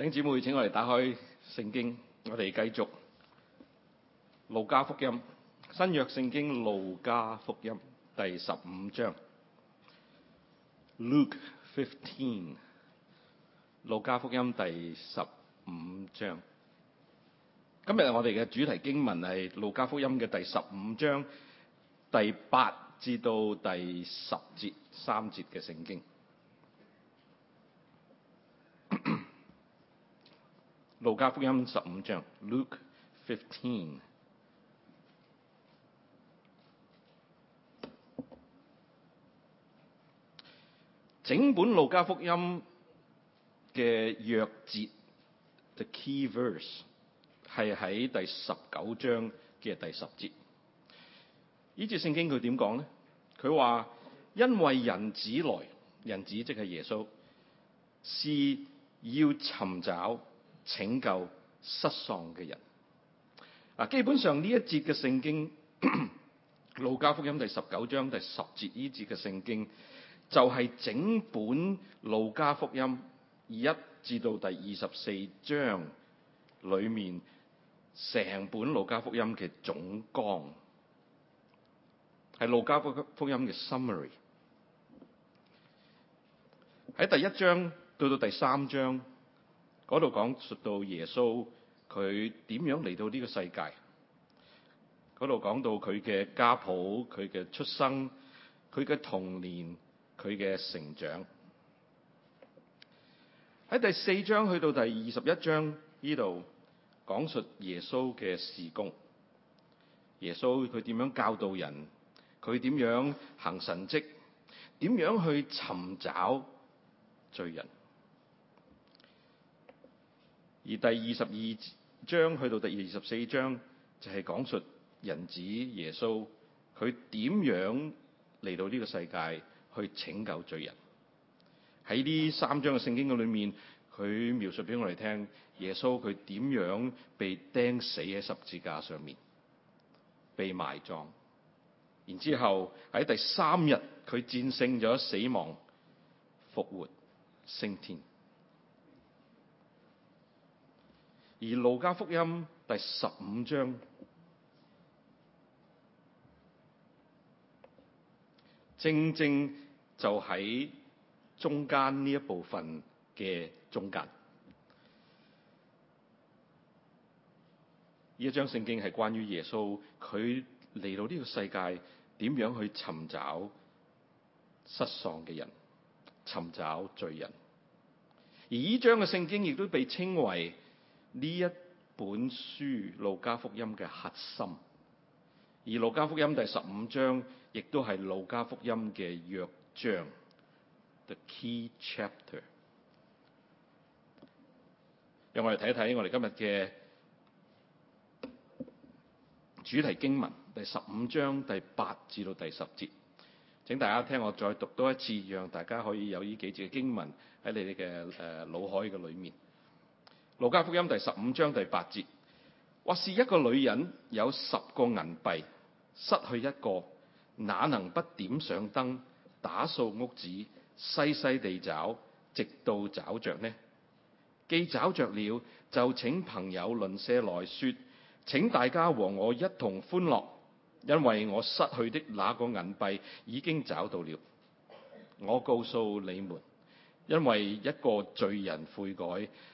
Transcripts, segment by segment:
請姊妹，請我哋打開聖經，我哋繼續路加福音新約聖經路加福音第十五章，Luke fifteen，路加福音第十五章。今日我哋嘅主題經文係路加福音嘅第十五章第八至到第十節三節嘅聖經。路加福音十五章，Luke fifteen。整本路加福音嘅鑰節，the key verse 係喺第十九章嘅第十節。呢節聖經佢點講咧？佢話因為人子來，人子即係耶穌，是要尋找。拯救失喪嘅人。啊，基本上呢一節嘅聖經 《路加福音》第十九章第十節，呢節嘅聖經，就係、是、整本《路加福音》一至到第二十四章裏面，成本《路加福音》嘅總綱，係《路加福音》嘅 summary。喺第一章到到第三章。嗰度講述到耶穌佢點樣嚟到呢個世界，嗰度講到佢嘅家譜、佢嘅出生、佢嘅童年、佢嘅成長。喺第四章去到第二十一章呢度，講述耶穌嘅事工。耶穌佢點樣教導人？佢點樣行神蹟？點樣去尋找罪人？而第二十二章去到第二十四章，就係講述人子耶穌佢點樣嚟到呢個世界去拯救罪人。喺呢三章嘅聖經裏面，佢描述俾我哋聽，耶穌佢點樣被釘死喺十字架上面，被埋葬，然之後，喺第三日佢戰勝咗死亡，復活升天。而《路加福音》第十五章，正正就喺中間呢一部分嘅中間。呢一章聖經係關於耶穌，佢嚟到呢個世界，點樣去尋找失喪嘅人，尋找罪人。而呢章嘅聖經亦都被稱為呢一本書《路加福音》嘅核心，而《路加福音第15》第十五章亦都係《路加福音》嘅鑰章，the key chapter。讓我哋睇一睇我哋今日嘅主題經文第十五章第八至到第十節，請大家聽我再讀多一次，讓大家可以有呢幾節嘅經文喺你哋嘅誒腦海嘅裏面。路加福音第十五章第八節，或是一個女人有十個銀幣，失去一個，哪能不點上燈，打掃屋子，細細地找，直到找着呢？既找着了，就請朋友鄰舍來說，請大家和我一同歡樂，因為我失去的那個銀幣已經找到了。我告訴你們。因為一個罪人悔改，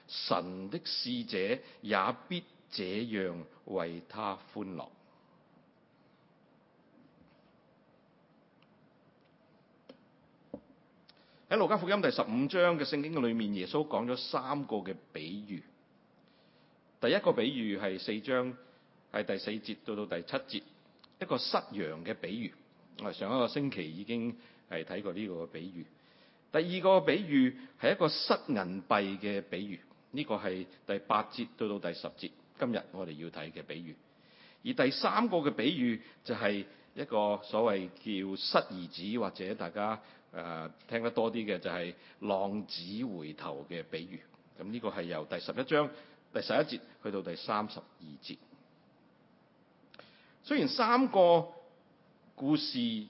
神的使者也必這樣為他歡樂。喺 《路加福音》第十五章嘅聖經裏面，耶穌講咗三個嘅比喻。第一個比喻係四章係第四節到到第七節，一個失羊嘅比喻。我上一個星期已經係睇過呢個比喻。第二個比喻係一個失銀幣嘅比喻，呢個係第八節到到第十節，今日我哋要睇嘅比喻。而第三個嘅比喻就係一個所謂叫失兒子，或者大家誒、呃、聽得多啲嘅就係浪子回頭嘅比喻。咁呢個係由第十一章第十一節去到第三十二節。雖然三個故事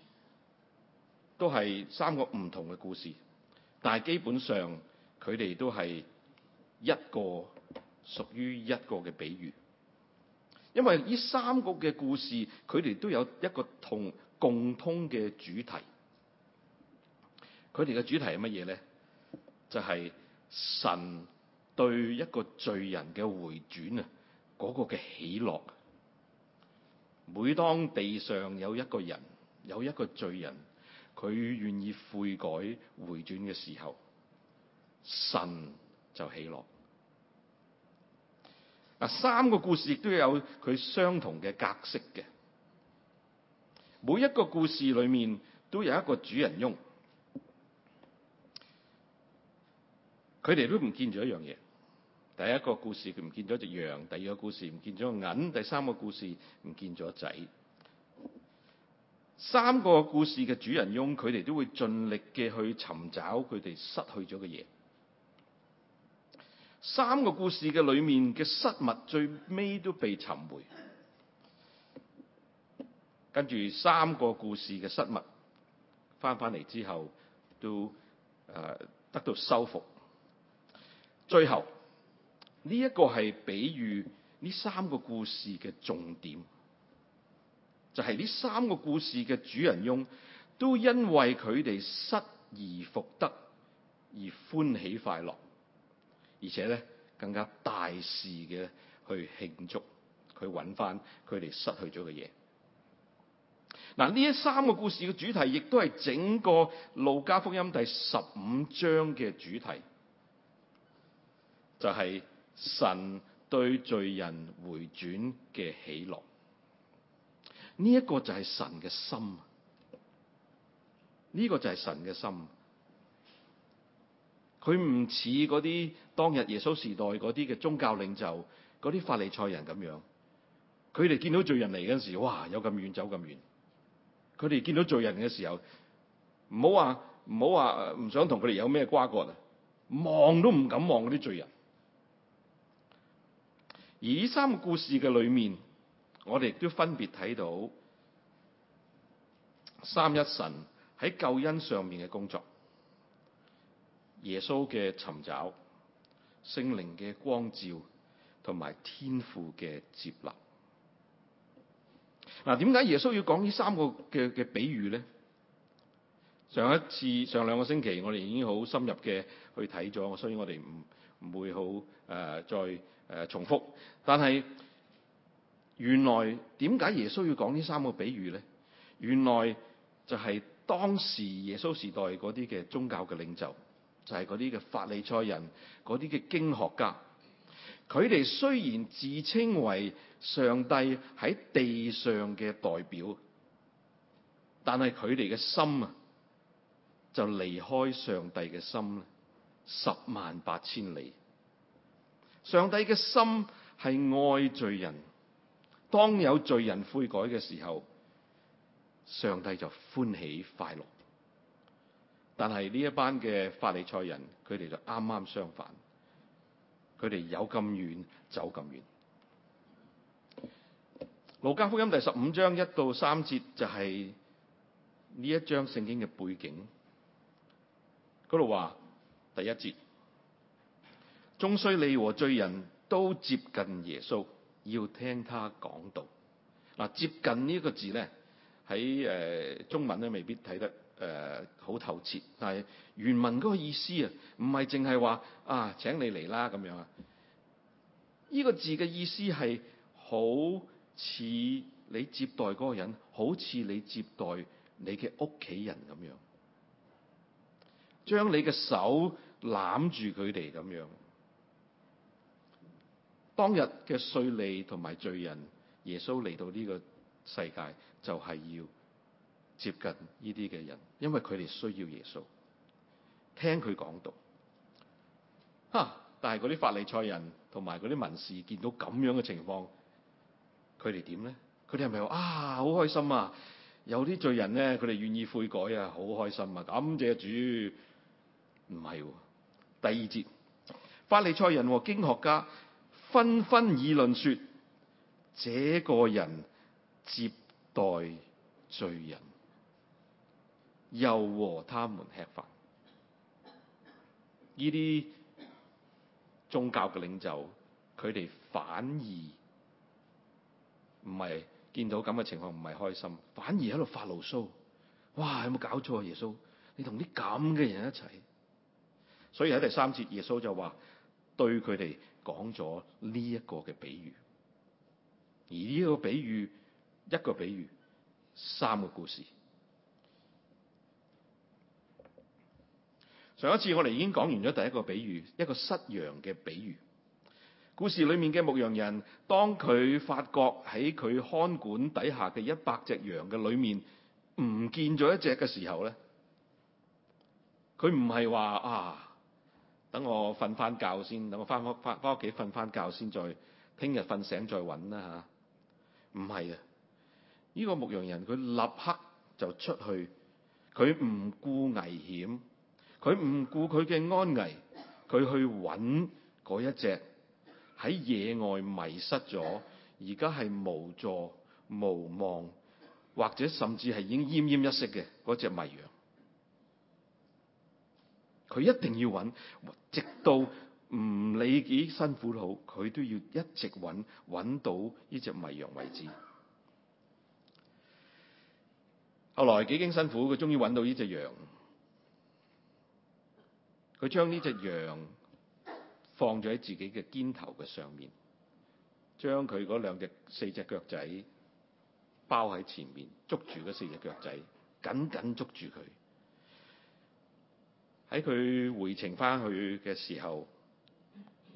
都係三個唔同嘅故事。但係基本上，佢哋都係一個屬於一個嘅比喻，因為呢三個嘅故事，佢哋都有一個同共通嘅主題。佢哋嘅主題係乜嘢咧？就係神對一個罪人嘅回轉啊！嗰個嘅喜樂，每當地上有一個人，有一個罪人。佢願意悔改回轉嘅時候，神就喜樂。嗱，三個故事亦都有佢相同嘅格式嘅，每一個故事裡面都有一個主人翁，佢哋都唔見咗一樣嘢。第一個故事佢唔見咗隻羊，第二個故事唔見咗銀，第三個故事唔見咗仔。三個故事嘅主人翁，佢哋都會盡力嘅去尋找佢哋失去咗嘅嘢。三個故事嘅裏面嘅失物，最尾都被尋回。跟住三個故事嘅失物返返嚟之後，都誒得到修復。最後呢一個係比喻呢三個故事嘅重點。就係呢三個故事嘅主人翁，都因為佢哋失而復得而歡喜快樂，而且咧更加大事嘅去慶祝，去揾翻佢哋失去咗嘅嘢。嗱，呢一三個故事嘅主題，亦都係整個路加福音第十五章嘅主題，就係神對罪人回轉嘅喜樂。呢一個就係神嘅心，呢個就係神嘅心。佢唔似嗰啲當日耶穌時代嗰啲嘅宗教領袖，嗰啲法利賽人咁樣。佢哋見到罪人嚟嗰時，哇，有咁遠走咁遠。佢哋見到罪人嘅時候，唔好話唔好話唔想同佢哋有咩瓜葛啊！望都唔敢望嗰啲罪人。而呢三個故事嘅裏面。我哋亦都分別睇到三一神喺救恩上面嘅工作，耶穌嘅尋找、聖靈嘅光照同埋天父嘅接納。嗱、啊，點解耶穌要講呢三個嘅嘅比喻咧？上一次、上兩個星期，我哋已經好深入嘅去睇咗，所以我哋唔唔會好誒、呃、再誒、呃、重複，但係。原來點解耶穌要講呢三個比喻咧？原來就係當時耶穌時代啲嘅宗教嘅領袖，就係啲嘅法利賽人，啲嘅經學家，佢哋雖然自稱為上帝喺地上嘅代表，但係佢哋嘅心啊，就離開上帝嘅心，十萬八千里。上帝嘅心係愛罪人。當有罪人悔改嘅時候，上帝就歡喜快樂。但係呢一班嘅法利賽人，佢哋就啱啱相反，佢哋有咁遠走咁遠。路加福音第十五章一到三節就係、是、呢一章聖經嘅背景。嗰度話第一節，眾稅吏和罪人都接近耶穌。要聽他講道嗱、啊，接近呢個字咧喺誒中文咧未必睇得誒好透徹，但係原文嗰個意思啊，唔係淨係話啊請你嚟啦咁樣啊，呢、呢個字嘅意思係好似你接待嗰個人，好似你接待你嘅屋企人咁樣，將你嘅手攬住佢哋咁樣。當日嘅稅吏同埋罪人，耶穌嚟到呢個世界就係要接近呢啲嘅人，因為佢哋需要耶穌聽佢講道。吓，但係嗰啲法利賽人同埋嗰啲文士見到咁樣嘅情況，佢哋點咧？佢哋係咪話啊好開心啊？有啲罪人咧，佢哋願意悔改啊，好開心啊！感謝主。唔係啊，第二節法利賽人和經學家。紛紛議論說，這個人接待罪人，又和他們吃飯。呢啲宗教嘅領袖，佢哋反而唔係見到咁嘅情況，唔係開心，反而喺度發牢騷。哇，有冇搞錯啊？耶穌，你同啲咁嘅人一齊。所以喺第三節，耶穌就話對佢哋，講咗呢一個嘅比喻，而呢個比喻一個比喻三個故事。上一次我哋已經講完咗第一個比喻，一個失羊嘅比喻。故事裏面嘅牧羊人，當佢發覺喺佢看管底下嘅一百隻羊嘅裏面唔見咗一隻嘅時候咧，佢唔係話啊。等我瞓翻覺先，等我翻屋翻翻屋企瞓翻覺先再，再聽日瞓醒再揾啦吓。唔係啊，呢個牧羊人佢立刻就出去，佢唔顧危險，佢唔顧佢嘅安危，佢去揾一隻喺野外迷失咗，而家係無助無望，或者甚至係已經奄奄一息嘅隻迷羊。佢一定要揾，直到唔理幾辛苦都好，佢都要一直揾揾，到呢隻迷羊為止。後來幾經辛苦，佢終於揾到呢隻羊。佢將呢隻羊放咗喺自己嘅肩頭嘅上面，將佢嗰兩隻四隻腳仔包喺前面，捉住嗰四隻腳仔，緊緊捉住佢。喺佢回程翻去嘅時候，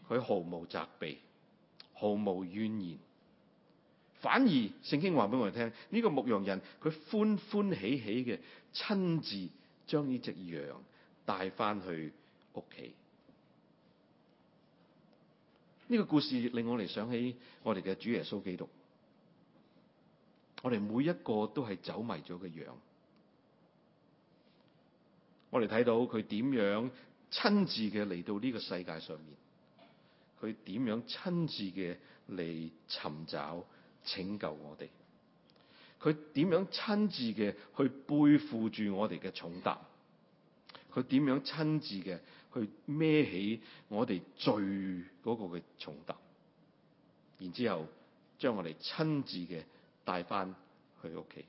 佢毫無責備，毫無怨言，反而聖經話俾我哋聽，呢個牧羊人佢歡歡喜喜嘅親自將呢隻羊帶翻去屋企。呢個故事令我哋想起我哋嘅主耶穌基督，我哋每一個都係走迷咗嘅羊。我哋睇到佢點樣親自嘅嚟到呢個世界上面，佢點樣親自嘅嚟尋找拯救我哋，佢點樣親自嘅去背負住我哋嘅重擔，佢點樣親自嘅去孭起我哋罪嗰個嘅重擔，然之後將我哋親自嘅帶翻去屋企。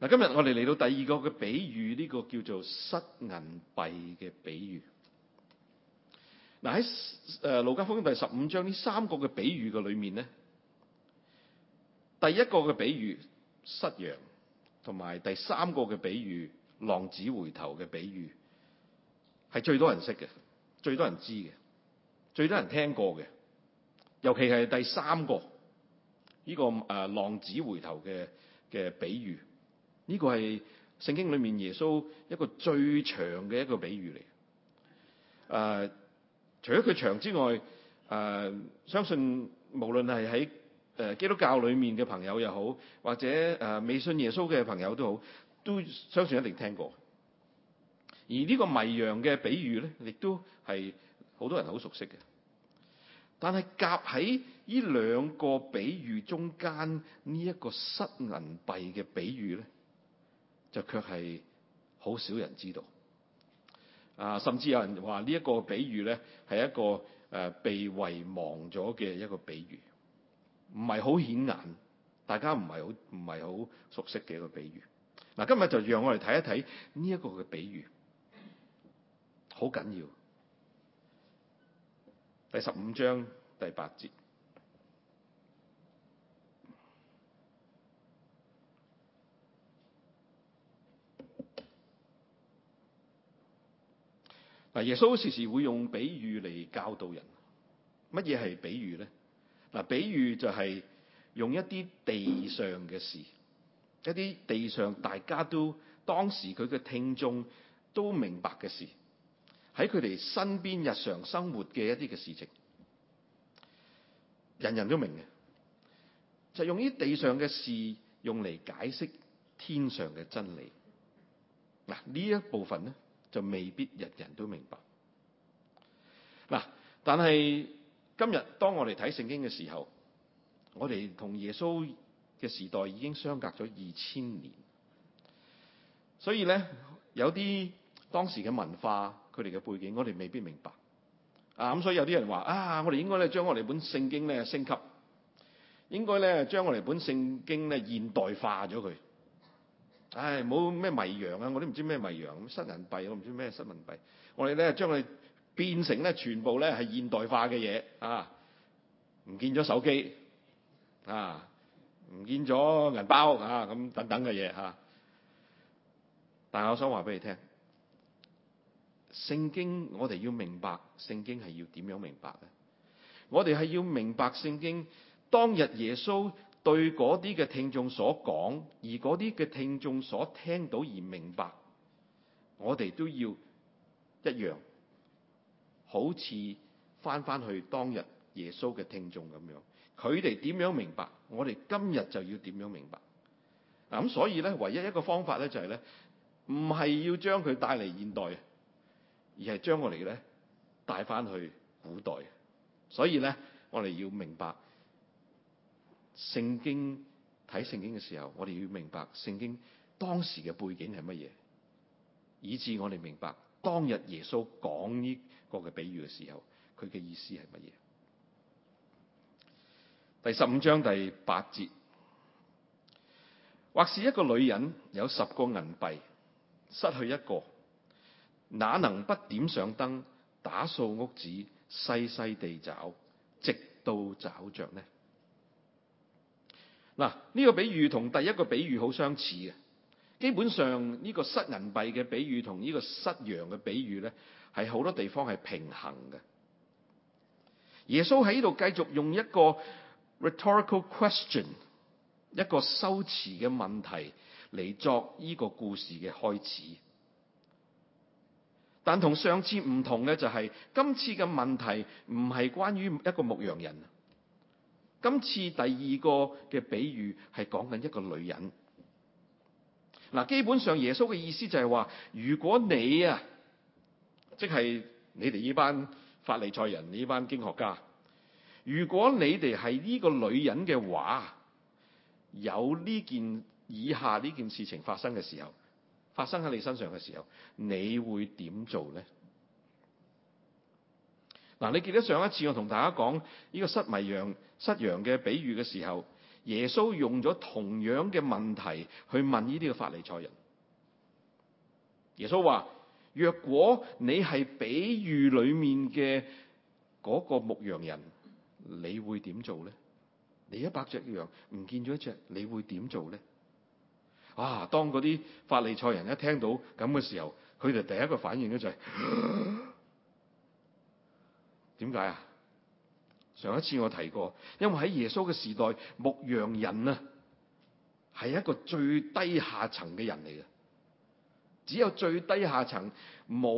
嗱，今日我哋嚟到第二個嘅比喻，呢、這個叫做失銀幣嘅比喻。嗱，喺誒路加福音第十五章呢三個嘅比喻嘅裏面咧，第一個嘅比喻失羊，同埋第三個嘅比喻浪子回頭嘅比喻，係最多人識嘅，最多人知嘅，最多人聽過嘅。尤其係第三個呢、這個誒、呃、浪子回頭嘅嘅比喻。呢個係聖經裡面耶穌一個最長嘅一個比喻嚟。誒、呃，除咗佢長之外，誒、呃、相信無論係喺誒基督教裡面嘅朋友又好，或者誒、呃、未信耶穌嘅朋友都好，都相信一定聽過。而呢個迷羊嘅比喻咧，亦都係好多人好熟悉嘅。但係夾喺呢兩個比喻中間，呢一個失銀幣嘅比喻咧，就卻係好少人知道。啊，甚至有人話呢一個比喻咧，係一個誒、呃、被遺忘咗嘅一個比喻，唔係好顯眼，大家唔係好唔係好熟悉嘅一個比喻。嗱、啊，今日就讓我哋睇一睇呢一個嘅比喻，好緊要。第十五章第八節。嗱，耶穌時時會用比喻嚟教導人。乜嘢係比喻咧？嗱，比喻就係用一啲地上嘅事，一啲地上大家都當時佢嘅聽眾都明白嘅事，喺佢哋身邊日常生活嘅一啲嘅事情，人人都明嘅，就係、用啲地上嘅事用嚟解釋天上嘅真理。嗱，呢一部分咧。就未必人人都明白。嗱、啊，但係今日當我哋睇聖經嘅時候，我哋同耶穌嘅時代已經相隔咗二千年，所以咧有啲當時嘅文化佢哋嘅背景，我哋未必明白。啊，咁所以有啲人話啊，我哋應該咧將我哋本聖經咧升級，應該咧將我哋本聖經咧現代化咗佢。唉，冇咩迷羊啊！我都唔知咩迷羊，咩失銀幣，我唔知咩失銀幣。我哋咧將佢變成咧全部咧係現代化嘅嘢啊！唔見咗手機啊，唔見咗銀包啊，咁等等嘅嘢嚇。但係我想話俾你聽聖經，我哋要明白聖經係要點樣明白咧？我哋係要明白聖經當日耶穌。對嗰啲嘅聽眾所講，而嗰啲嘅聽眾所聽到而明白，我哋都要一樣，好似翻翻去當日耶穌嘅聽眾咁樣。佢哋點樣明白，我哋今日就要點樣明白。嗱，咁所以咧，唯一一個方法咧就係咧，唔係要將佢帶嚟現代，而係將我哋咧帶翻去古代。所以咧，我哋要明白。聖經，睇聖經嘅時候，我哋要明白聖經當時嘅背景係乜嘢，以至我哋明白當日耶穌講呢個嘅比喻嘅時候，佢嘅意思係乜嘢？第十五章第八節，或是一個女人有十個銀幣，失去一個，哪能不點上燈，打掃屋子，細細地找，直到找着呢？嗱，呢個比喻同第一個比喻好相似嘅，基本上呢、呢個失銀幣嘅比喻同呢個失羊嘅比喻咧，係好多地方係平衡嘅。耶穌喺度繼續用一個 rhetorical question，一個修辭嘅問題嚟作呢個故事嘅開始。但同上次唔同咧、就係，就係今次嘅問題唔係關於一個牧羊人。今次第二個嘅比喻係講緊一個女人。嗱，基本上耶穌嘅意思就係話，如果你啊，即係你哋呢班法利賽人呢班經學家，如果你哋係呢個女人嘅話，有呢件以下呢件事情發生嘅時候，發生喺你身上嘅時候，你會點做咧？嗱，你記得上一次我同大家講呢個失迷羊失羊嘅比喻嘅時候，耶穌用咗同樣嘅問題去問呢啲嘅法利賽人。耶穌話：若果你係比喻裡面嘅嗰個牧羊人，你會點做咧？你一百隻羊唔見咗一隻，你會點做咧？啊！當嗰啲法利賽人一聽到咁嘅時候，佢哋第一個反應咧就係。呵呵。點解啊？上一次我提過，因為喺耶穌嘅時代，牧羊人啊，係一個最低下層嘅人嚟嘅，只有最低下層冇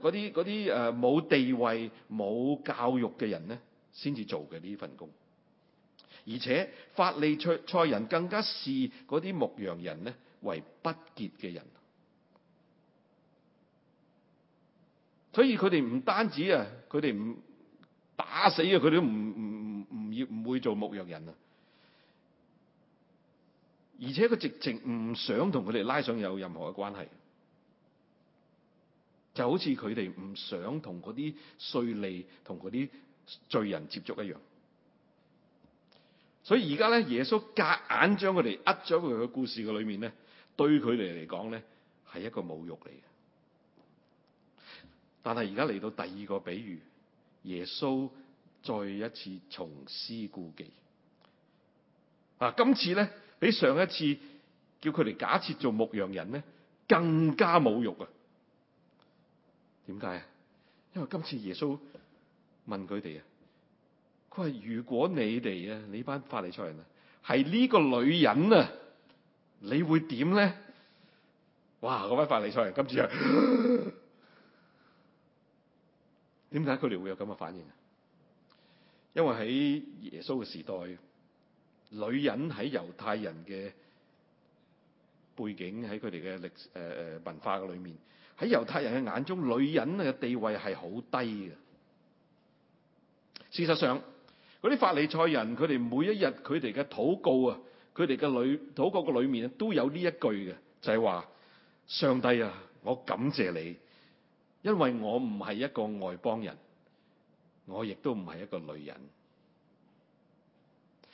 誒啲啲誒冇地位、冇教育嘅人咧，先至做嘅呢份工。而且法利賽人更加視啲牧羊人咧為不潔嘅人。所以佢哋唔單止啊，佢哋唔打死啊，佢哋都唔唔唔唔要唔會做牧羊人啊！而且佢直情唔想同佢哋拉上有任何嘅關係，就好似佢哋唔想同啲稅吏、同啲罪人接觸一樣。所以而家咧，耶穌夾硬將佢哋呃咗入佢嘅故事嘅裏面咧，對佢哋嚟講咧，係一個侮辱嚟嘅。但係而家嚟到第二個比喻，耶穌再一次重施故技。啊，今次咧比上一次叫佢哋假設做牧羊人咧更加侮辱啊！點解啊？因為今次耶穌問佢哋啊，佢話如果你哋啊，呢班法利賽人啊，係呢個女人啊，你會點咧？哇！嗰班法利賽人今次啊～ 點解佢哋會有咁嘅反應？因為喺耶穌嘅時代，女人喺猶太人嘅背景，喺佢哋嘅歷誒誒文化嘅裏面，喺猶太人嘅眼中，女人嘅地位係好低嘅。事實上，嗰啲法利賽人佢哋每一日佢哋嘅禱告啊，佢哋嘅裏禱告嘅裏面都有呢一句嘅，就係話：上帝啊，我感謝你。因為我唔係一個外邦人，我亦都唔係一個女人。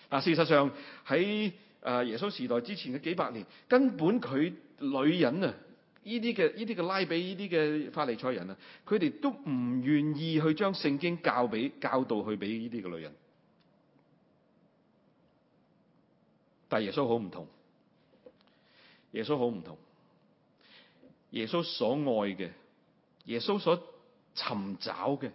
啊，事實上喺啊耶穌時代之前嘅幾百年，根本佢女人啊，呢啲嘅呢啲嘅拉比呢啲嘅法利賽人啊，佢哋都唔願意去將聖經教俾教導去俾呢啲嘅女人。但係耶穌好唔同，耶穌好唔同，耶穌所愛嘅。耶穌所尋找嘅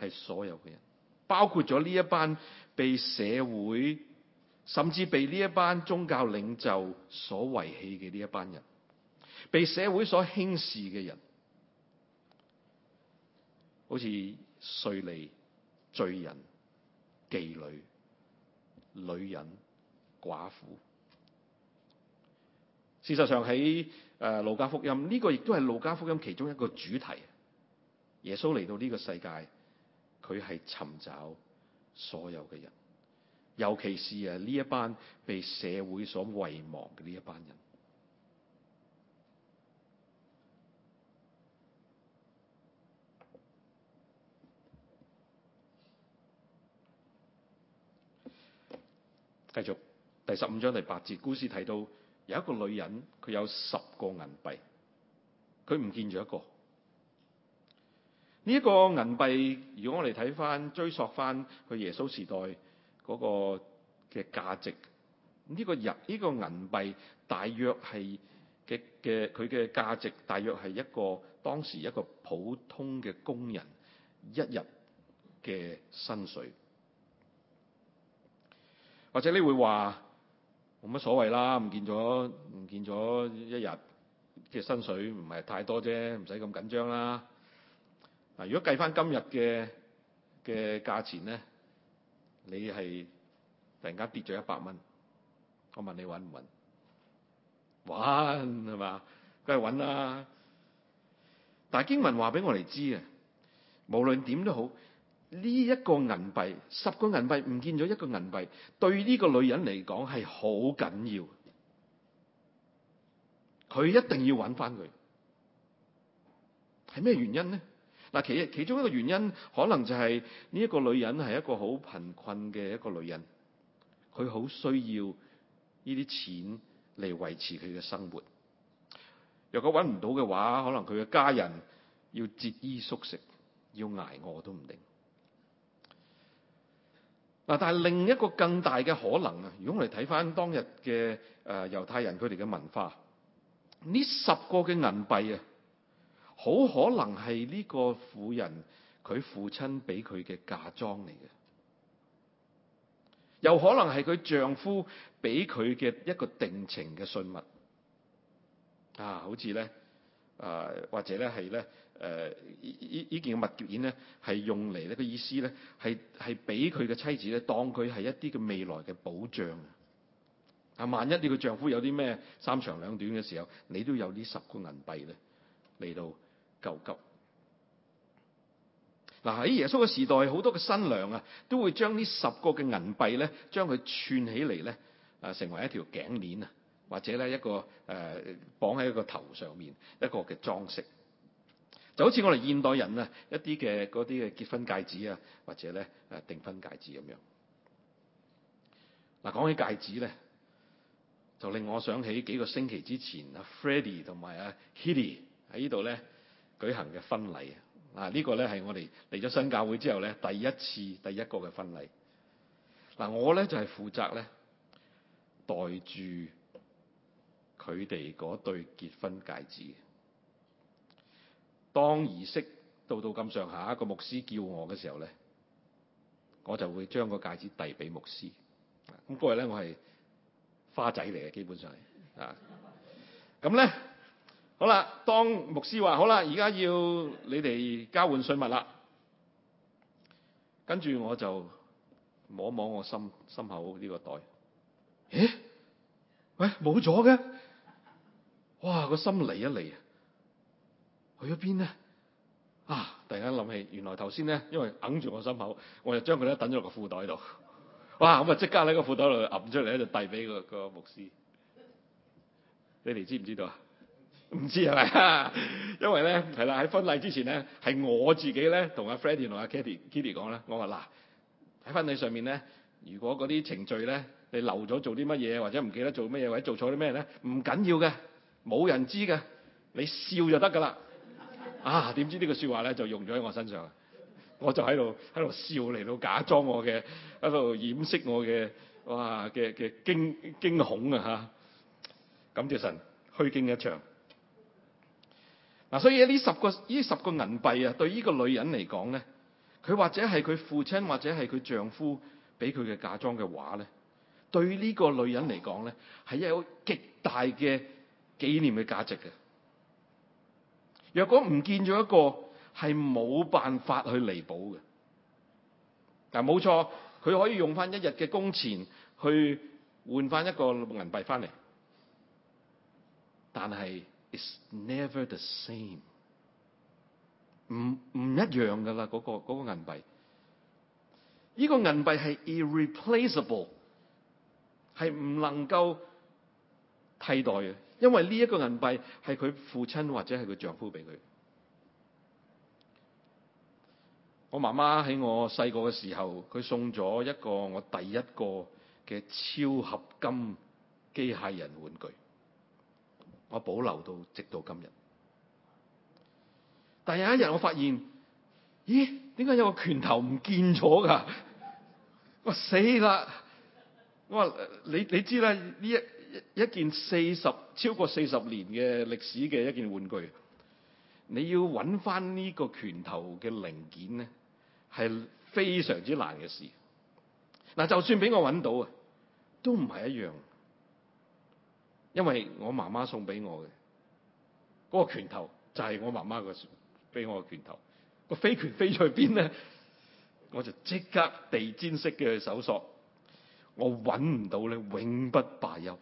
係所有嘅人，包括咗呢一班被社會甚至被呢一班宗教領袖所遺棄嘅呢一班人，被社會所輕視嘅人，好似稅吏、罪人、妓女、女人、寡婦。事實上喺誒路加福音呢個，亦都係路加福音其中一個主題。耶穌嚟到呢個世界，佢係尋找所有嘅人，尤其是啊呢一班被社會所遺忘嘅呢一班人。繼續第十五章第八節，故事睇到。有一個女人，佢有十個銀幣，佢唔見咗一個。呢一個銀幣，如果我哋睇翻追索翻佢耶穌時代嗰個嘅價值，呢個日呢個銀幣大約係嘅嘅佢嘅價值大約係一個當時一個普通嘅工人一日嘅薪水，或者你會話？冇乜所謂啦，唔見咗唔見咗一日嘅薪水唔係太多啫，唔使咁緊張啦。嗱，如果計翻今日嘅嘅價錢咧，你係突然間跌咗一百蚊，我問你揾唔揾？揾係嘛？梗係揾啦。但係經文話俾我哋知啊，無論點都好。呢一個銀幣，十個銀幣唔見咗一個銀幣，對呢個女人嚟講係好緊要。佢一定要揾翻佢，係咩原因咧？嗱，其其中一個原因可能就係呢一個女人係一個好貧困嘅一個女人，佢好需要呢啲錢嚟維持佢嘅生活。若果揾唔到嘅話，可能佢嘅家人要節衣縮食，要捱餓都唔定。嗱，但係另一個更大嘅可能啊，如果我哋睇返當日嘅誒猶太人佢哋嘅文化，呢十個嘅銀幣啊，好可能係呢個婦人佢父親俾佢嘅嫁妝嚟嘅，又可能係佢丈夫俾佢嘅一個定情嘅信物啊，好似咧誒，或者咧係咧。誒呢呢件嘅物件咧，係用嚟呢個意思咧，係係俾佢嘅妻子咧，當佢係一啲嘅未來嘅保障啊！啊，萬一你個丈夫有啲咩三長兩短嘅時候，你都有呢十個銀幣咧嚟到救急。嗱，啊，喺耶穌嘅時代，好多嘅新娘啊，都會將呢十個嘅銀幣咧，將佢串起嚟咧，啊，呃，成為一條頸鏈啊，或者咧一個誒綁喺一個頭上面一個嘅裝飾。就好似我哋現代人咧，一啲嘅嗰啲嘅結婚戒指啊，或者咧誒訂婚戒指咁樣。嗱，講起戒指咧，就令我想起幾個星期之前啊 Freddie 同埋阿 Heidi 喺呢度咧舉行嘅婚禮啊！這個、呢個咧係我哋嚟咗新教會之後咧第一次、第一個嘅婚禮。嗱、啊，我咧就係、是、負責咧袋住佢哋嗰對結婚戒指。當儀式到到咁上下，一個牧師叫我嘅時候咧，我就會將個戒指遞俾牧師。咁嗰日咧，我係花仔嚟嘅，基本上係啊。咁 咧，好啦，當牧師話好啦，而家要你哋交換信物啦。跟住我就摸摸我心心口呢個袋，咦？喂，冇咗嘅，哇，個心離一離啊！去咗邊咧？啊！突然間諗起，原來頭先咧，因為揞住我心口，我就將佢咧抌咗落個褲袋度。哇！咁啊，即刻喺個褲袋度揞出嚟咧，就遞俾個個牧師。你哋知唔知道啊？唔知係咪？因為咧，係啦，喺婚禮之前咧，係我自己咧同阿 Freddie 同阿 Kitty Kitty 講咧，我話嗱，喺婚禮上面咧，如果嗰啲程序咧你漏咗做啲乜嘢，或者唔記得做乜嘢，或者做錯啲咩咧，唔緊要嘅，冇人知嘅，你笑就得噶啦。啊！點知呢個說話咧就用咗喺我身上啊！我就喺度喺度笑嚟到假裝我嘅，喺度掩飾我嘅，哇嘅嘅驚驚恐啊！吓，感謝神，虛驚一場。嗱、啊，所以呢十個呢十個銀幣啊，對呢個女人嚟講咧，佢或者係佢父親，或者係佢丈夫俾佢嘅假裝嘅話咧，對呢個女人嚟講咧，係有極大嘅紀念嘅價值嘅。若果唔見咗一個，係冇辦法去彌補嘅。但冇錯，佢可以用翻一日嘅工錢去換翻一個銀幣翻嚟，但係 it's never the same，唔唔一樣噶啦，嗰個嗰個銀幣。呢個銀幣係 irreplaceable，係唔能夠替代嘅。因為呢一個銀幣係佢父親或者係佢丈夫俾佢。我媽媽喺我細個嘅時候，佢送咗一個我第一個嘅超合金機械人玩具，我保留到直到今日。但有一日我發現，咦？點解有個拳頭唔見咗噶？我死啦！我話你你知啦，呢一。一件四十超過四十年嘅歷史嘅一件玩具，你要揾翻呢個拳頭嘅零件咧，係非常之難嘅事。嗱，就算俾我揾到啊，都唔係一樣，因為我媽媽送俾我嘅，嗰個拳頭就係我媽媽嘅俾我嘅拳頭。嗰個飛拳飛咗去邊咧？我就即刻地氈式嘅搜索，我揾唔到咧，永不罷休。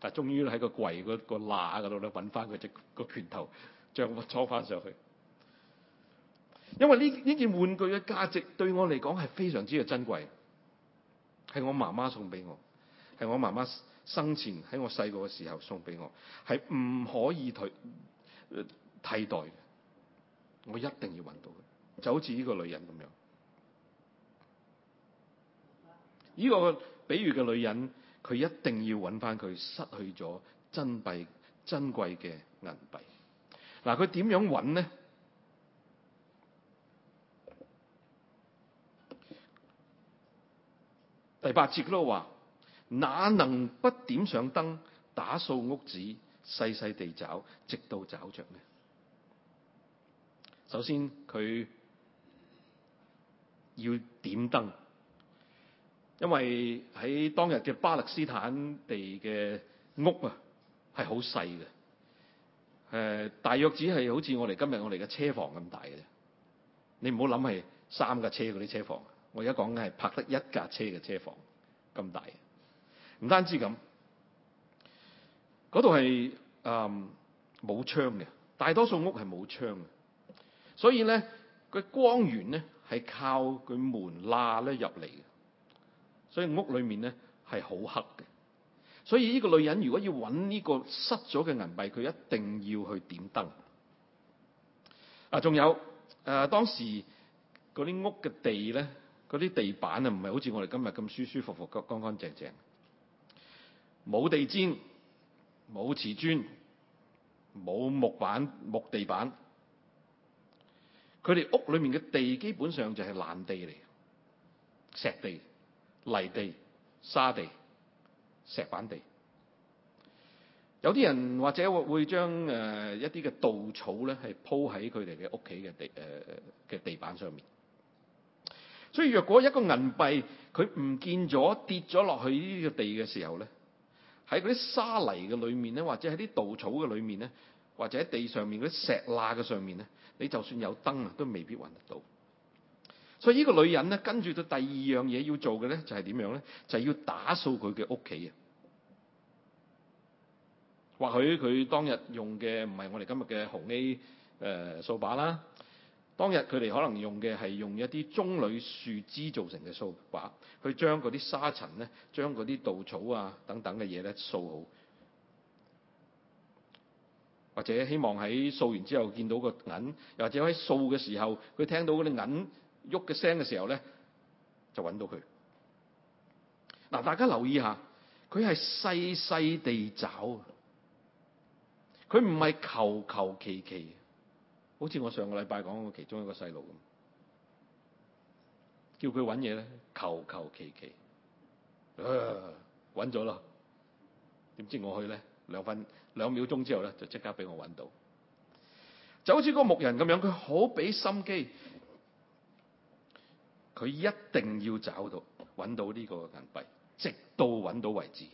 但係終於喺個櫃嗰個罅嗰度咧，揾翻佢隻個拳頭，將佢裝翻上去。因為呢呢件玩具嘅價值對我嚟講係非常之嘅珍貴，係我媽媽送俾我，係我媽媽生前喺我細個嘅時候送俾我，係唔可以替替代嘅。我一定要揾到嘅，就好似呢個女人咁樣。呢個比喻嘅女人。佢一定要揾翻佢失去咗珍貴、珍貴嘅銀幣。嗱，佢點樣揾咧？第八節嗰度話：哪能不點上燈，打掃屋子，細細地找，直到找著咧？首先，佢要點燈。因為喺當日嘅巴勒斯坦地嘅屋啊，係好細嘅，誒，大約只係好似我哋今日我哋嘅車房咁大嘅啫。你唔好諗係三架車啲車房，我而家講嘅係泊得一架車嘅車房咁大。唔單止咁，度係誒冇窗嘅，大多數屋係冇窗嘅，所以咧個光源咧係靠佢門罅咧入嚟嘅。所以屋裏面咧係好黑嘅，所以呢個女人如果要揾呢個失咗嘅銀幣，佢一定要去點燈。啊，仲有誒、呃，當時嗰啲屋嘅地咧，嗰啲地板啊，唔係好似我哋今日咁舒舒服服、乾乾淨淨，冇地氈、冇瓷磚、冇木板木地板，佢哋屋裏面嘅地基本上就係爛地嚟嘅，石地。泥地、沙地、石板地，有啲人或者會會將誒一啲嘅稻草咧係鋪喺佢哋嘅屋企嘅地誒嘅、呃、地板上面。所以若果一個銀幣佢唔見咗跌咗落去呢個地嘅時候咧，喺啲沙泥嘅裏面咧，或者喺啲稻草嘅裏面咧，或者喺地上面啲石罅嘅上面咧，你就算有燈啊，都未必揾得到。所以呢個女人咧，跟住到第二樣嘢要做嘅咧，就係點樣咧？就係要打掃佢嘅屋企啊！或許佢當日用嘅唔係我哋今日嘅紅 A 誒、呃、掃把啦，當日佢哋可能用嘅係用一啲棕櫚樹枝做成嘅掃把，去將嗰啲沙塵咧，將嗰啲稻草啊等等嘅嘢咧掃好，或者希望喺掃完之後見到個銀，又或者喺掃嘅時候佢聽到嗰啲銀。喐嘅聲嘅時候咧，就揾到佢。嗱，大家留意下，佢係細細地找，佢唔係求求其其，好似我上個禮拜講過其中一個細路咁，叫佢揾嘢咧，求求其其，啊，揾咗啦。點知我去咧，兩分兩秒鐘之後咧，就即刻俾我揾到，就好似個牧人咁樣，佢好俾心機。佢一定要找到揾到呢個銀幣，直到揾到為止，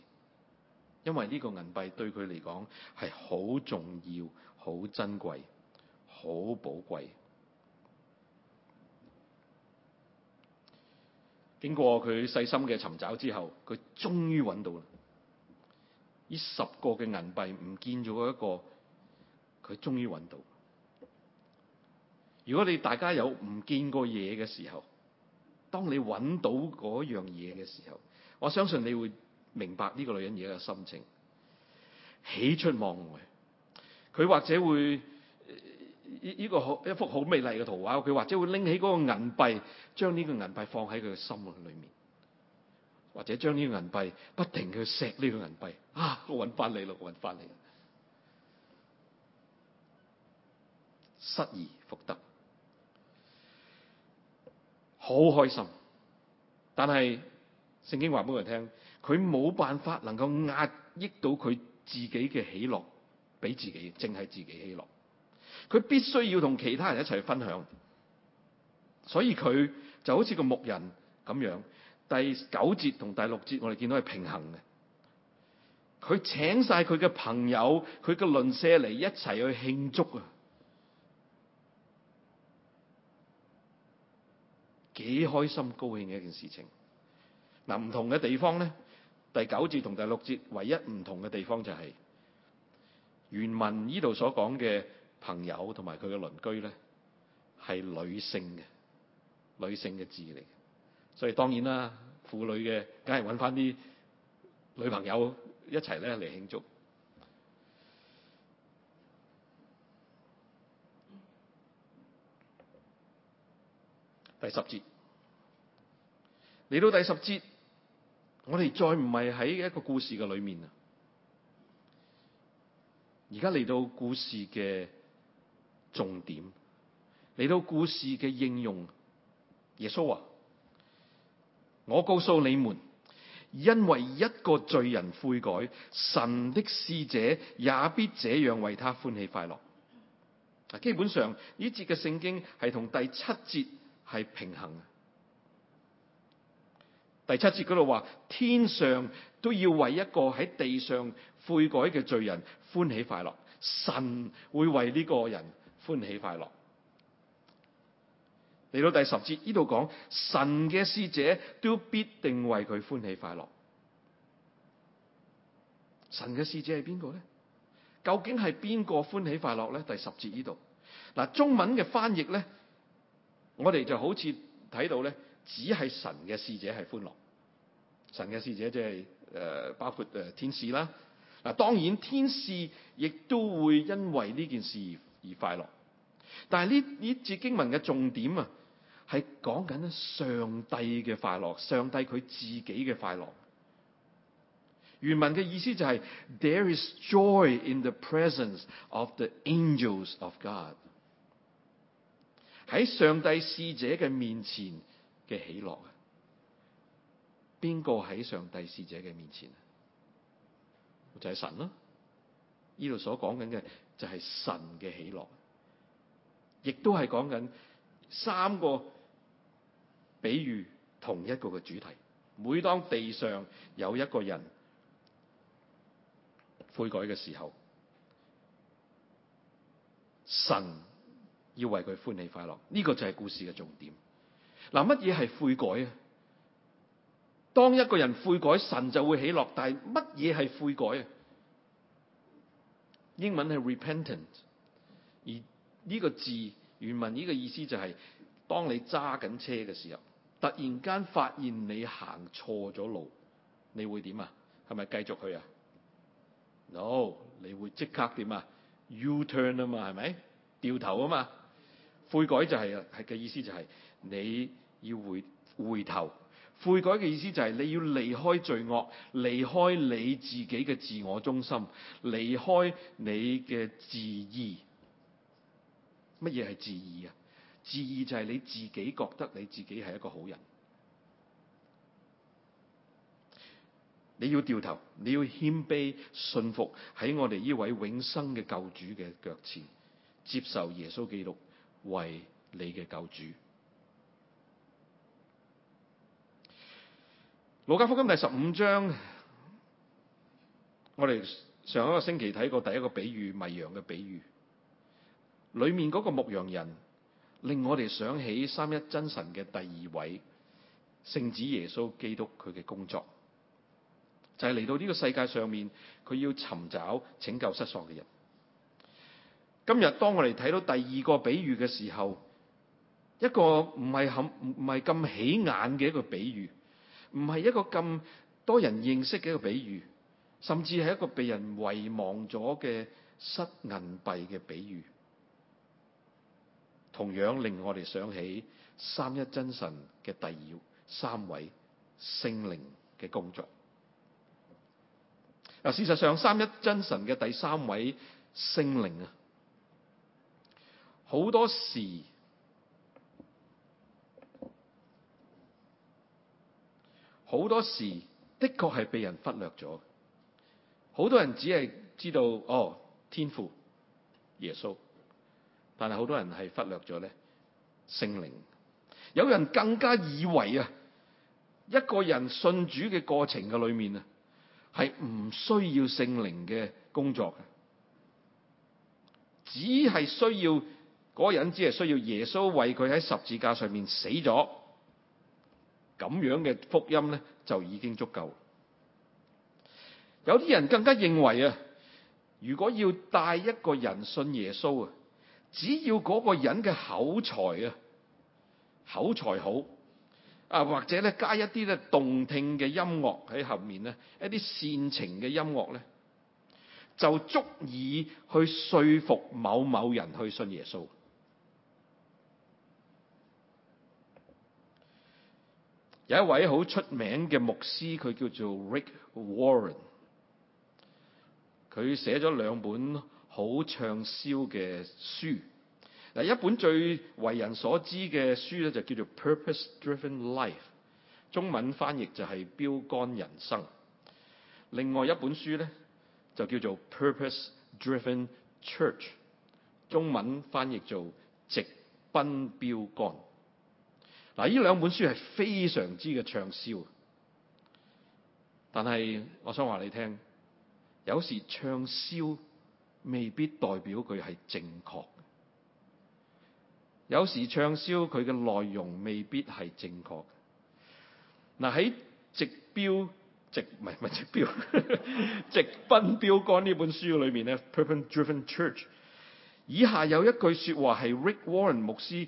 因為呢個銀幣對佢嚟講係好重要、好珍貴、好寶貴。經過佢細心嘅尋找之後，佢終於揾到啦！呢十個嘅銀幣唔見咗一個，佢終於揾到。如果你大家有唔見過嘢嘅時候，當你揾到樣嘢嘅時候，我相信你會明白呢個女人而家嘅心情，喜出望外。佢或者會呢個好一,一幅好美麗嘅圖畫，佢或者會拎起個銀幣，將呢個銀幣放喺佢嘅心裏面，或者將呢個銀幣不停去錫呢個銀幣，啊，我揾翻你啦，我揾翻你啦，失而復得。好開心，但係聖經話俾我哋聽，佢冇辦法能夠壓抑到佢自己嘅喜樂，俾自己，淨係自己喜樂，佢必須要同其他人一齊分享，所以佢就好似個牧人咁樣，第九節同第六節我哋見到係平衡嘅，佢請晒佢嘅朋友，佢嘅鄰舍嚟一齊去慶祝啊！幾開心高興嘅一件事情。嗱、啊，唔同嘅地方咧，第九節同第六節唯一唔同嘅地方就係、是，原文呢度所講嘅朋友同埋佢嘅鄰居咧係女性嘅，女性嘅字嚟，所以當然啦，婦女嘅梗係揾翻啲女朋友一齊咧嚟慶祝。第十節，嚟到第十節，我哋再唔係喺一個故事嘅裏面啦。而家嚟到故事嘅重點，嚟到故事嘅應用。耶穌話，我告訴你們，因為一個罪人悔改，神的使者也必這樣為他歡喜快樂。啊，基本上呢節嘅聖經係同第七節。係平衡。第七節嗰度話，天上都要為一個喺地上悔改嘅罪人歡喜快樂，神會為呢個人歡喜快樂。嚟到第十節呢度講，神嘅使者都必定為佢歡喜快樂。神嘅使者係邊個咧？究竟係邊個歡喜快樂咧？第十節呢度，嗱，中文嘅翻譯咧。我哋就好似睇到咧，只係神嘅使者係歡樂，神嘅使者即係誒，包括誒、呃、天使啦。嗱，當然天使亦都會因為呢件事而快樂。但係呢呢節經文嘅重點啊，係講緊上帝嘅快樂，上帝佢自己嘅快樂。原文嘅意思就係、是、There is joy in the presence of the angels of God。喺上帝使者嘅面前嘅喜樂啊，邊個喺上帝使者嘅面前、就是、啊？就係神咯。呢度所講緊嘅就係神嘅喜樂，亦都係講緊三個比喻同一個嘅主題。每當地上有一個人悔改嘅時候，神。要為佢歡喜快樂，呢個就係故事嘅重點。嗱，乜嘢係悔改啊？當一個人悔改，神就會喜樂。但係乜嘢係悔改啊？英文係 repentant，而呢個字原文呢個意思就係：當你揸緊車嘅時候，突然間發現你行錯咗路，你會點啊？係咪繼續去啊？No，你會即刻點啊？U-turn 啊嘛，係咪？掉頭啊嘛？悔改就係啊，係嘅意思就係你要回回頭，悔改嘅意思就係你要離開罪惡，離開你自己嘅自我中心，離開你嘅自義。乜嘢係自義啊？自義就係你自己覺得你自己係一個好人。你要掉頭，你要謙卑，信服喺我哋呢位永生嘅救主嘅腳前，接受耶穌基督。為你嘅救主，《路加福音》第十五章，我哋上一個星期睇過第一個比喻，迷羊嘅比喻，裏面個牧羊人令我哋想起三一真神嘅第二位聖子耶穌基督，佢嘅工作就係嚟到呢個世界上面，佢要尋找拯救失喪嘅人。今日當我哋睇到第二個比喻嘅時候，一個唔係咁唔係咁起眼嘅一個比喻，唔係一個咁多人認識嘅一個比喻，甚至係一個被人遺忘咗嘅失銀幣嘅比喻，同樣令我哋想起三一真神嘅第二三位聖靈嘅工作。嗱，事實上三一真神嘅第三位聖靈啊。好多時，好多時的確係被人忽略咗。好多人只係知道哦，天父耶穌，但係好多人係忽略咗呢聖靈。有人更加以為啊，一個人信主嘅過程嘅裏面啊，係唔需要聖靈嘅工作嘅，只係需要。嗰個人只係需要耶穌為佢喺十字架上面死咗，咁樣嘅福音咧就已經足夠。有啲人更加認為啊，如果要帶一個人信耶穌啊，只要嗰個人嘅口才啊，口才好啊，或者咧加一啲咧動聽嘅音樂喺後面咧，一啲煽情嘅音樂咧，就足以去說服某某人去信耶穌。有一位好出名嘅牧師，佢叫做 Rick Warren。佢寫咗兩本好暢銷嘅書。一本最為人所知嘅書呢，就叫做《Purpose Driven Life》，中文翻譯就係《標杆人生》。另外一本書呢，就叫做《Purpose Driven Church》，中文翻譯做《直奔標杆》。嗱，呢兩本書係非常之嘅暢銷，但係我想話你聽，有時暢銷未必代表佢係正確，有時暢銷佢嘅內容未必係正確嘅。嗱喺《直標直唔係唔係直標直奔標杆》呢本書裏面咧，《Purpose Driven Church》以下有一句說話係 Rick Warren 牧師。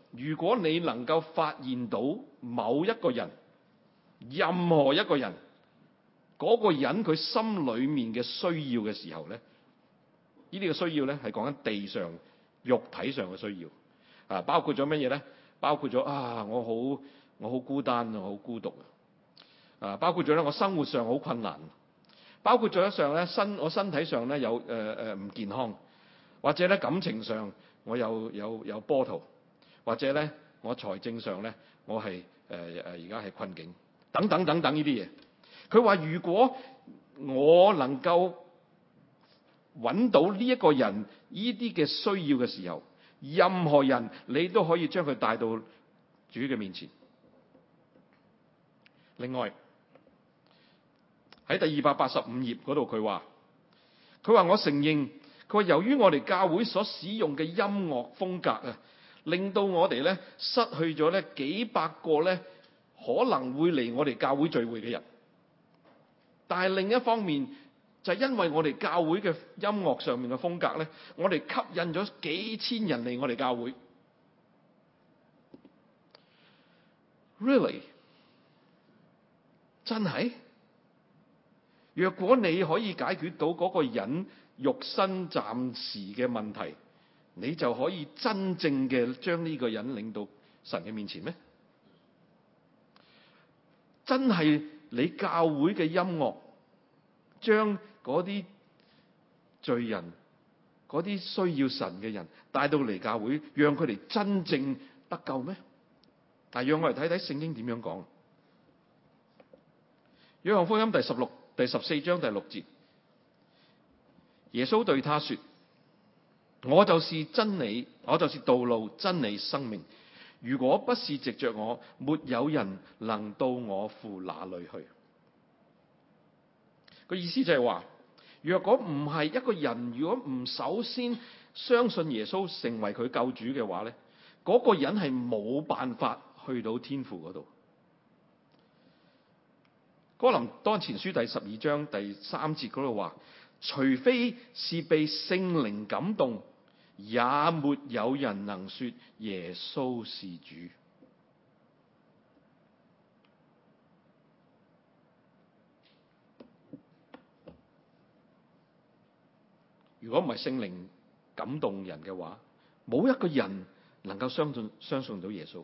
如果你能夠發現到某一個人，任何一個人，嗰、那個人佢心裏面嘅需要嘅時候咧，呢啲嘅需要咧係講緊地上肉體上嘅需要啊，包括咗乜嘢咧？包括咗啊，我好我好孤單啊，我好孤獨啊，包括咗咧，我生活上好困難，包括咗上咧身我身體上咧有誒誒唔健康，或者咧感情上我有有有，有波濤。或者咧，我財政上咧，我係誒誒，而家係困境，等等等等呢啲嘢。佢話：如果我能夠揾到呢一個人，呢啲嘅需要嘅時候，任何人你都可以將佢帶到主嘅面前。另外喺第二百八十五頁嗰度，佢話：佢話我承認，佢話由於我哋教會所使用嘅音樂風格啊。令到我哋咧失去咗咧幾百個咧可能會嚟我哋教會聚會嘅人，但係另一方面就係因為我哋教會嘅音樂上面嘅風格咧，我哋吸引咗幾千人嚟我哋教會。Really，真係？若果你可以解決到嗰個人肉身暫時嘅問題。你就可以真正嘅將呢個人領到神嘅面前咩？真係你教會嘅音樂將啲罪人、啲需要神嘅人帶到嚟教會，讓佢哋真正得救咩？但係讓我嚟睇睇聖經點樣講。約翰福音第十六、第十四章第六節，耶穌對他說。我就是真理，我就是道路、真理、生命。如果不是藉着我，沒有人能到我父那裏去。個意思就係話，若果唔係一個人，如果唔首先相信耶穌成為佢救主嘅話咧，嗰個人係冇辦法去到天父度。哥林多前書第十二章第三節嗰度話，除非是被聖靈感動。也沒有人能說耶穌是主。如果唔係聖靈感動人嘅話，冇一個人能夠相信相信到耶穌。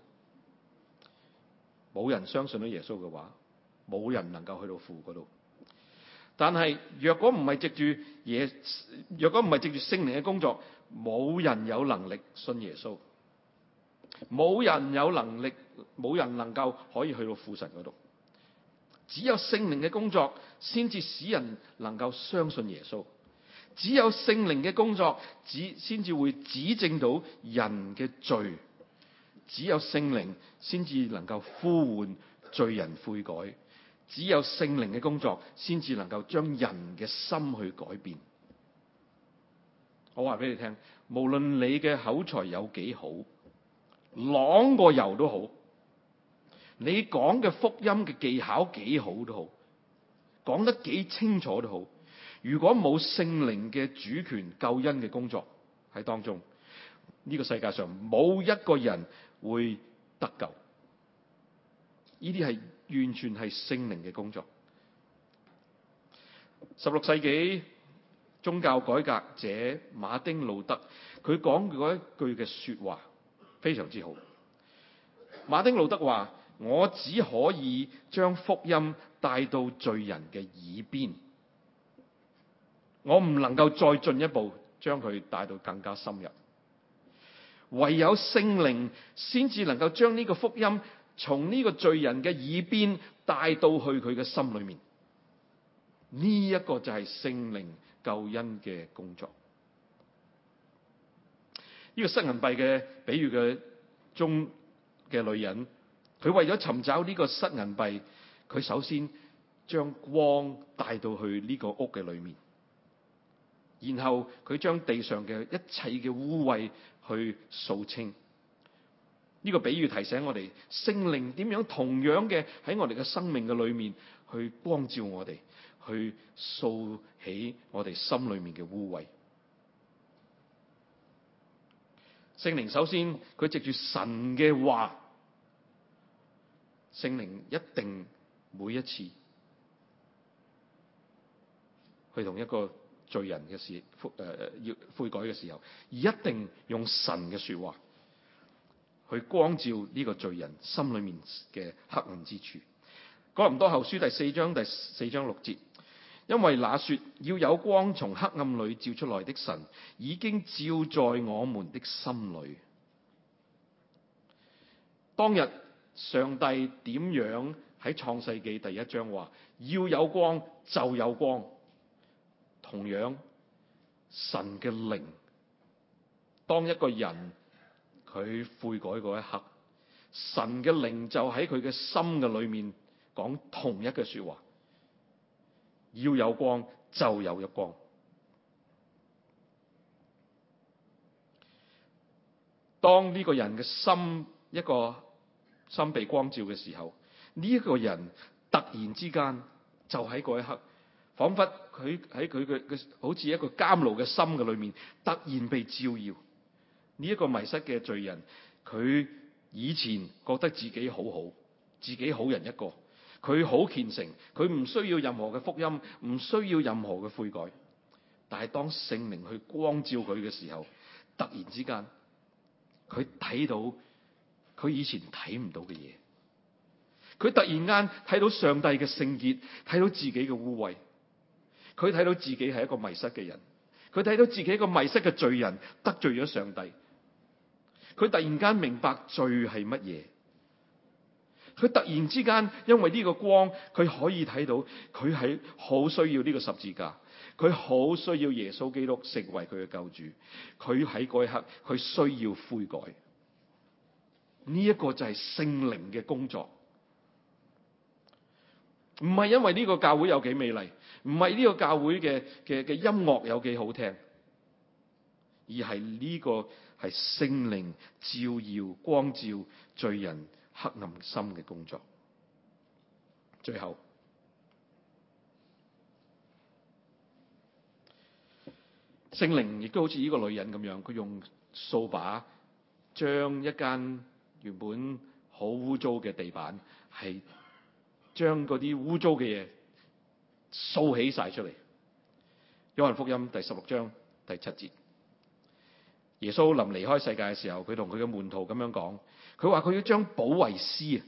冇人相信到耶穌嘅話，冇人能夠去到父嗰度。但係，若果唔係藉住耶，若果唔係藉住聖靈嘅工作。冇人有能力信耶穌，冇人有能力，冇人能夠可以去到父神嗰度。只有聖靈嘅工作，先至使人能夠相信耶穌；只有聖靈嘅工作，只先至會指證到人嘅罪；只有聖靈先至能夠呼喚罪人悔改；只有聖靈嘅工作，先至能夠將人嘅心去改變。我話俾你聽，無論你嘅口才有幾好，啷個油都好，你講嘅福音嘅技巧幾好都好，講得幾清楚都好，如果冇聖靈嘅主權、救恩嘅工作喺當中，呢個世界上冇一個人會得救。呢啲係完全係聖靈嘅工作。十六世紀。宗教改革者馬丁路德，佢講嗰一句嘅說話非常之好。馬丁路德話：我只可以將福音帶到罪人嘅耳邊，我唔能夠再進一步將佢帶到更加深入。唯有聖靈先至能夠將呢個福音從呢個罪人嘅耳邊帶到去佢嘅心裏面。呢一個就係聖靈救恩嘅工作，呢、這個失銀幣嘅比喻嘅中嘅女人，佢為咗尋找呢個失銀幣，佢首先將光帶到去呢個屋嘅裏面，然後佢將地上嘅一切嘅污穢去掃清。呢、這個比喻提醒我哋，聖靈點樣同樣嘅喺我哋嘅生命嘅裏面去光照我哋。去掃起我哋心裏面嘅污穢。聖靈首先佢藉住神嘅話，聖靈一定每一次去同一個罪人嘅事誒要、呃、悔改嘅時候，而一定用神嘅說話去光照呢個罪人心裏面嘅黑暗之處。哥林多後書第四章第四章六節。因為那說要有光從黑暗裏照出來的神，已經照在我們的心裏。當日上帝點樣喺創世紀第一章話要有光就有光，同樣神嘅靈，當一個人佢悔改一刻，神嘅靈就喺佢嘅心嘅裏面講同一個說話。要有光，就有一光。當呢個人嘅心一個心被光照嘅時候，呢、這、一個人突然之間就喺嗰一刻，仿佛佢喺佢嘅嘅，好似一個監牢嘅心嘅裏面，突然被照耀。呢、這、一個迷失嘅罪人，佢以前覺得自己好好，自己好人一個。佢好虔誠，佢唔需要任何嘅福音，唔需要任何嘅悔改。但係當聖靈去光照佢嘅時候，突然之間，佢睇到佢以前睇唔到嘅嘢。佢突然間睇到上帝嘅聖潔，睇到自己嘅污穢。佢睇到自己係一個迷失嘅人，佢睇到自己一個迷失嘅罪人得罪咗上帝。佢突然間明白罪係乜嘢。佢突然之間，因為呢個光，佢可以睇到，佢係好需要呢個十字架，佢好需要耶穌基督成為佢嘅救主，佢喺嗰一刻，佢需要悔改。呢一個就係聖靈嘅工作，唔係因為呢個教會有幾美麗，唔係呢個教會嘅嘅嘅音樂有幾好聽，而係呢個係聖靈照耀光照罪人。黑暗心嘅工作。最後，聖靈亦都好似呢個女人咁樣，佢用掃把將一間原本好污糟嘅地板，係將啲污糟嘅嘢掃起曬出嚟。約翰福音第十六章第七節。耶穌臨離開世界嘅時候，佢同佢嘅門徒咁樣講，佢話佢要將保惠師啊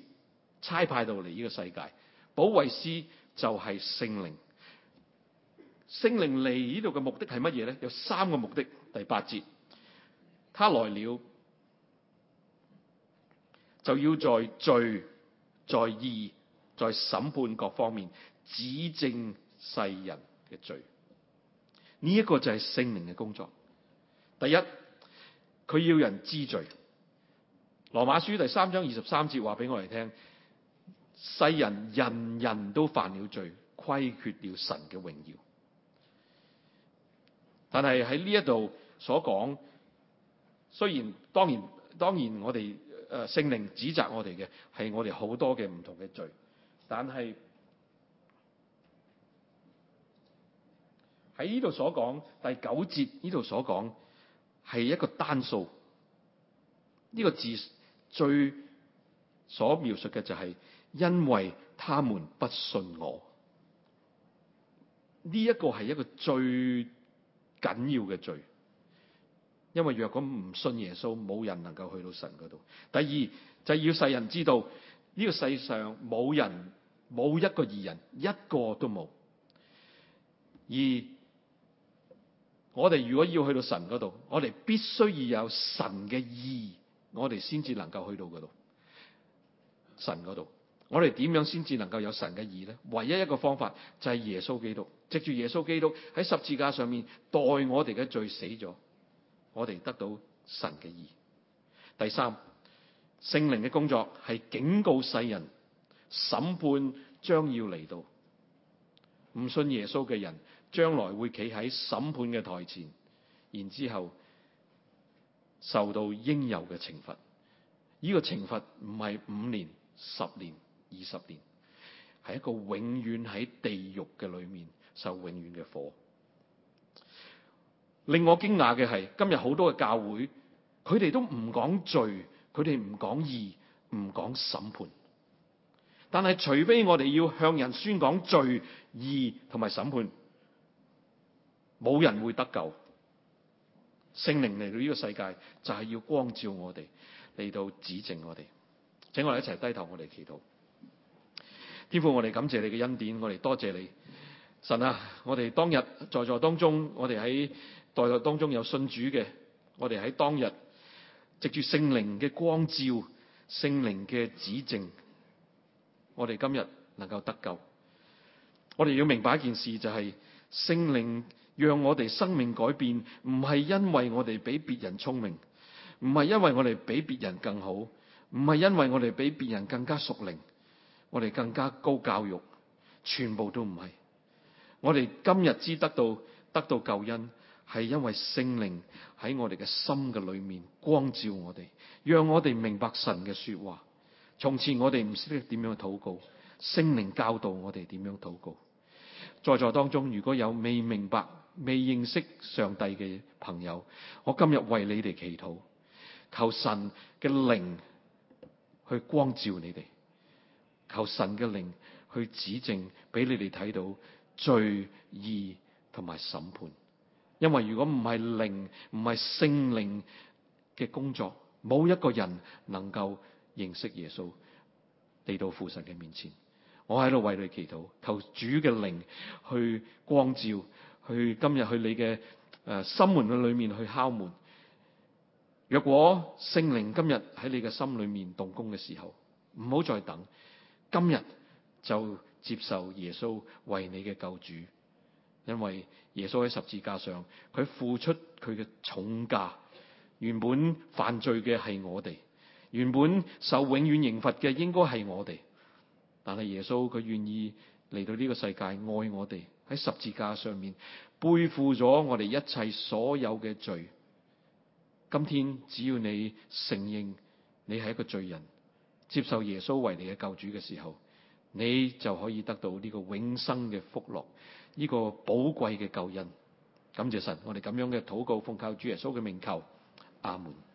差派到嚟，呢個世界，保惠師就係聖靈。聖靈嚟,呢度嘅目的係乜嘢咧？有三個目的。第八節，他來了就要在罪、在義、在審判各方面指證世人嘅罪。呢、這、一個就係聖靈嘅工作。第一。佢要人知罪，《羅馬書》第三章二十三節話俾我哋聽，世人人人都犯了罪，虧缺了神嘅榮耀。但係喺呢一度所講，雖然當然當然，當然我哋誒聖靈指責我哋嘅係我哋好多嘅唔同嘅罪，但係喺呢度所講第九節呢度所講。係一個單數，呢、這個字最所描述嘅就係、是、因為他們不信我，呢、這、一個係一個最緊要嘅罪，因為若果唔信耶穌，冇人能夠去到神嗰度。第二就是、要世人知道呢、這個世上冇人冇一個義人，一個都冇。二我哋如果要去到神度，我哋必須要有神嘅義，我哋先至能夠去到度。神度，我哋點樣先至能夠有神嘅義咧？唯一一個方法就係耶穌基督，藉住耶穌基督喺十字架上面代我哋嘅罪死咗，我哋得到神嘅義。第三，聖靈嘅工作係警告世人，審判將要嚟到，唔信耶穌嘅人。將來會企喺審判嘅台前，然之後受到應有嘅懲罰。呢、這個懲罰唔係五年、十年、二十年，係一個永遠喺地獄嘅裏面受永遠嘅火。令我驚訝嘅係，今日好多嘅教會，佢哋都唔講罪，佢哋唔講義，唔講審判。但係除非我哋要向人宣講罪、義同埋審判。冇人會得救，聖靈嚟到呢個世界就係要光照我哋，嚟到指正我哋，請我哋一齊低頭，我哋祈禱。天父，我哋感謝你嘅恩典，我哋多謝你。神啊，我哋當日在座當中，我哋喺代代當中有信主嘅，我哋喺當日藉住聖靈嘅光照、聖靈嘅指正，我哋今日能夠得救。我哋要明白一件事，就是，就係聖靈。讓我哋生命改變，唔係因為我哋比別人聰明，唔係因為我哋比別人更好，唔係因為我哋比別人更加熟靈，我哋更加高教育，全部都唔係。我哋今日之得到得到救恩，係因為聖靈喺我哋嘅心嘅裏面光照我哋，讓我哋明白神嘅說話。從前，我哋唔識得點樣禱告，聖靈教導我哋點樣禱告。在座當中如果有未明白，未認識上帝嘅朋友，我今日為你哋祈禱，求神嘅靈去光照你哋，求神嘅靈去指正俾你哋睇到罪義同埋審判。因為如果唔係靈，唔係聖靈嘅工作，冇一個人能夠認識耶穌嚟到父神嘅面前。我喺度為你祈禱，求主嘅靈去光照。去今日去你嘅誒、呃、心門嘅裏面去敲門。若果聖靈今日喺你嘅心裏面動工嘅時候，唔好再等，今日就接受耶穌為你嘅救主。因為耶穌喺十字架上，佢付出佢嘅重價。原本犯罪嘅係我哋，原本受永遠刑罰嘅應該係我哋，但係耶穌佢願意嚟到呢個世界愛我哋。喺十字架上面背負咗我哋一切所有嘅罪。今天只要你承認你係一個罪人，接受耶穌為你嘅救主嘅時候，你就可以得到呢個永生嘅福樂，呢個寶貴嘅救恩。感謝神，我哋咁樣嘅禱告奉靠主耶穌嘅名求，阿門。